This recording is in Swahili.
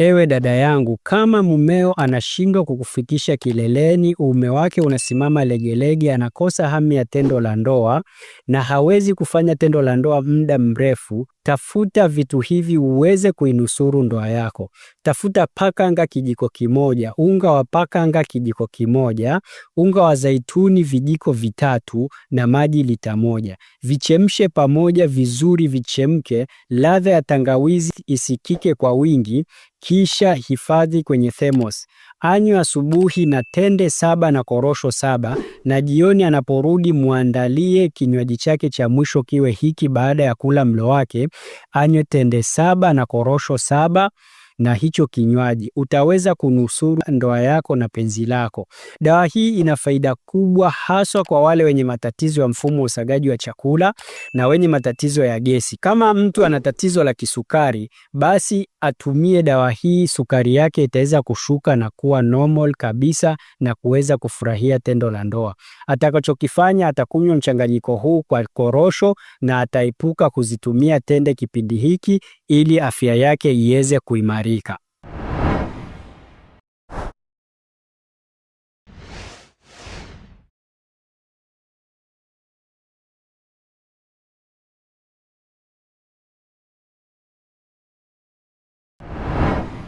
Ewe dada yangu, kama mumeo anashindwa kukufikisha kileleni, uume wake unasimama legelege, anakosa hamu ya tendo la ndoa na hawezi kufanya tendo la ndoa muda mrefu, Tafuta vitu hivi uweze kuinusuru ndoa yako. Tafuta pakanga kijiko kimoja, unga wa pakanga kijiko kimoja, unga wa zaituni vijiko vitatu na maji lita moja. Vichemshe pamoja vizuri, vichemke. Ladha ya tangawizi isikike kwa wingi, kisha hifadhi kwenye thermos. Anywa asubuhi na tende saba na korosho saba, na jioni anaporudi mwandalie kinywaji chake cha mwisho kiwe hiki baada ya kula mlo wake anywe tende saba na korosho saba na hicho kinywaji utaweza kunusuru ndoa yako na penzi lako. Dawa hii ina faida kubwa haswa kwa wale wenye matatizo ya mfumo wa usagaji wa chakula na wenye matatizo ya gesi. Kama mtu ana tatizo la kisukari, basi atumie dawa hii, sukari yake itaweza kushuka na kuwa normal kabisa na kuweza kufurahia tendo la ndoa. Atakachokifanya, atakunywa mchanganyiko huu kwa korosho na ataepuka kuzitumia tende kipindi hiki ili afya yake iweze kuimarika. いいか。